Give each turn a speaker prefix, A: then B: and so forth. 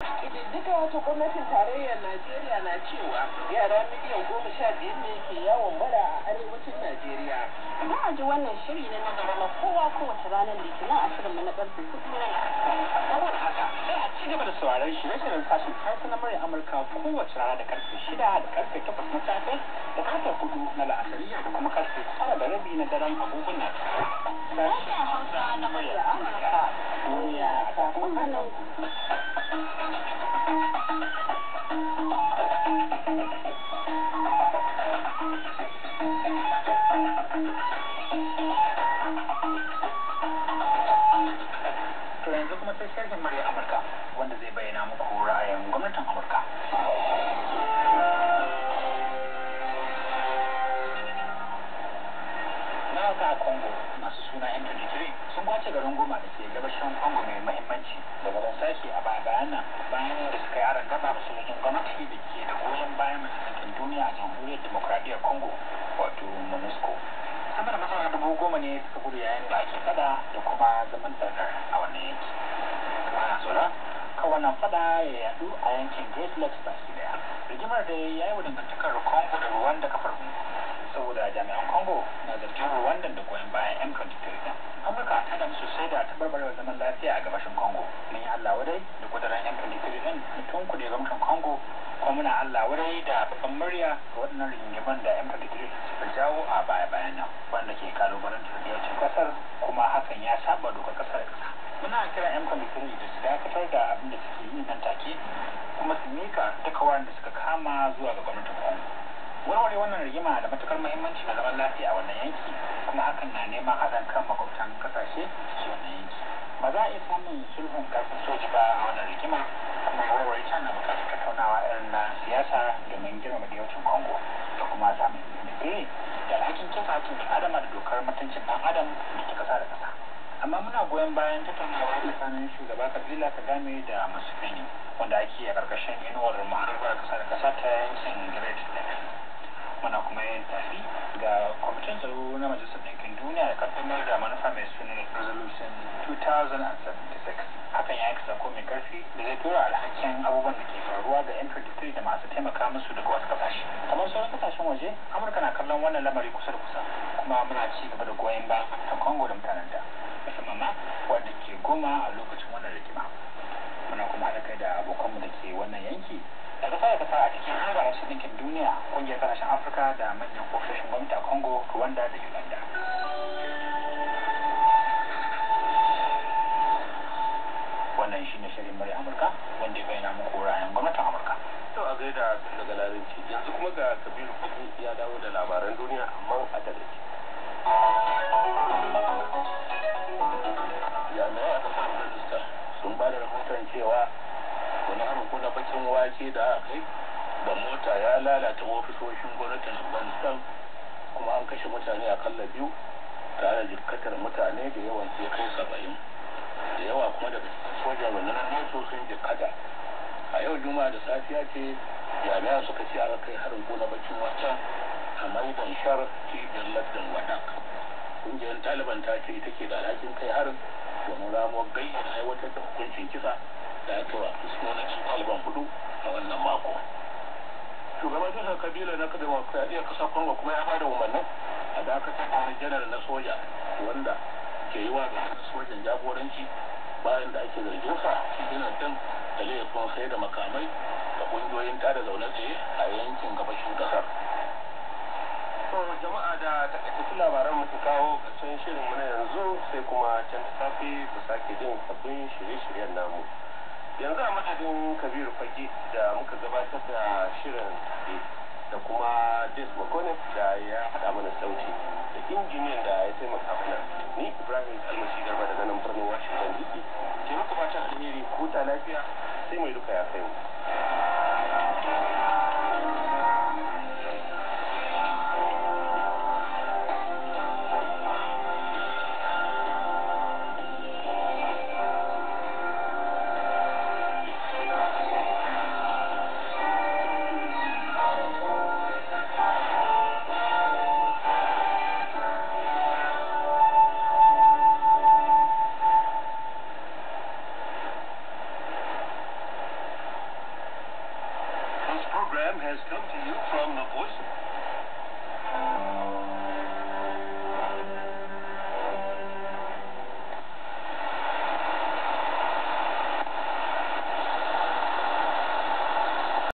A: Ƙididdiga ta gwamnatin tarayyar Najeriya na cewa yara miliyan goma sha biyar ne ke yawon bara a arewacin Najeriya. Za a ji wannan shiri na nagara na kowa kowace ranar litinin ashirin na ƙarfe hudu na Saboda haka sai a ci gaba da sauraron shirye-shiryen sashen Hausa na murya Amurka kowace rana da ƙarfe shida da ƙarfe takwas na safe da ƙarfe hudu na la'asariya da kuma ƙarfe tara da rabi na daren agogon Najeriya. Sashen Hausa na murya Amurka. Duniya a sakon hannunku. sai sashen murya Amurka wanda zai bayyana muku ra'ayin gwamnatin Amurka. Na haka Congo masu suna M23 sun kwace garin goma da ke gabashin Congo mai mahimmanci daga Bonsaki a baya bayan nan bayan wannan fada ya yadu a yankin gateless baki daya rigimar da ya yi wa dangantakar congo da rwanda kafar saboda jami'an congo na zargin rwanda da goyon bayan m23 din amurka ta damu sosai da tabarbarewar zaman lafiya a gabashin congo mun yi allah wadai da kudurin m23 din tun kudu gwamnatin congo kuma muna allah wadai da babban murya ga wadannan rigimar da m23 suka jawo a baya-bayan nan wanda ke kalubalantar da kasar kuma hakan ya saba dokar kasar kasa muna kira 'yan kwamitin da su dakatar da abin da suke yi nan take kuma su mika duka waɗanda suka kama zuwa ga gwamnatin kwano warware wannan rigima da matukar muhimmanci ga zaman lafiya a wannan yanki kuma hakan na neman haɗin kan makwabtan kasashe ke wannan yanki ba za a iya samun sulhun karfin soji ba a wannan rigima kuma warware can na bukatar tattaunawa irin na siyasa domin girmama diyocin kwango da kuma samun da alhakin kisa tun adama da dokar mutuncin ɗan adam amma muna goyon bayan tattaunawa tsakanin shugaba kabila game da masu museveni wanda ake a karkashin inuwar ma'arbar kasa da kasa ta yankin great muna kuma yin tafi ga kwamitin tsaro na majalisar ɗinkin duniya da kaddamar da manufa mai suna resolution 2076 hakan ya yi sako mai karfi da zai tura alhakin abubuwan da ke faruwa ga 'yan da masu taimaka musu daga wasu kasashe kamar sauran kasashen waje amurka na kallon wannan lamari kusa da kusa kuma muna ci gaba da goyon bayan congo da da ƙasar ma wanda ke goma a lokacin wannan rikima muna kuma haɗa kai da abokanmu da ke wannan yanki da ƙasa da ƙasa a cikin hanzar wasu ɗinkin duniya ƙungiyar ƙasashen afirka da manyan ofishin gwamnati a congo rwanda da uganda wannan shine shirin murya amurka wanda ya bayyana muku ra'ayin gwamnatin amurka to a gaida daga larabci yanzu kuma ga kabiru kudu ya
B: dawo da labaran duniya amma a takaice ce da aka kai da mota ya lalata ofisoshin gwamnatin afghanistan kuma an kashe mutane akalla biyu tare da jikkatar mutane da yawan sai kai saba'in da yawa kuma daga sojan rundunar nato sun jikkata a yau juma'a da safiya ce jami'a suka ce aka kai harin gona bakin wacan a maidan shar cibiyar lardin wadak ƙungiyar taliban ta ce ita ke da alhakin kai harin domin ramuwar gayyana aiwatar da hukuncin kisa da aka wa fuskunan taliban hudu a wannan mako shugaban jihar kabila na kada iya kasa congo kuma ya bada umarnin a dakatar da janar na soja wanda ke yi wa gasar sojan jagoranci bayan da ake zargin sa shi janar din da laifin sai da makamai da kungiyoyin tada zaune tsaye a yankin gabashin kasar to jama'a da takaitattun labaran mu kawo kacin shirin mu na yanzu sai kuma can da safe ku sake jin sabbin shirye-shiryen namu yanzu a madadin kabiru fage da muka gabatar da shirin da kuma james mcconnell da ya haɗa mana sauti da injiniyan da ya taimaka mana ni ibrahim almasi garba daga nan birnin washington dc ke muku fatan alheri huta lafiya sai mai duka ya kai mu has come to you from the voice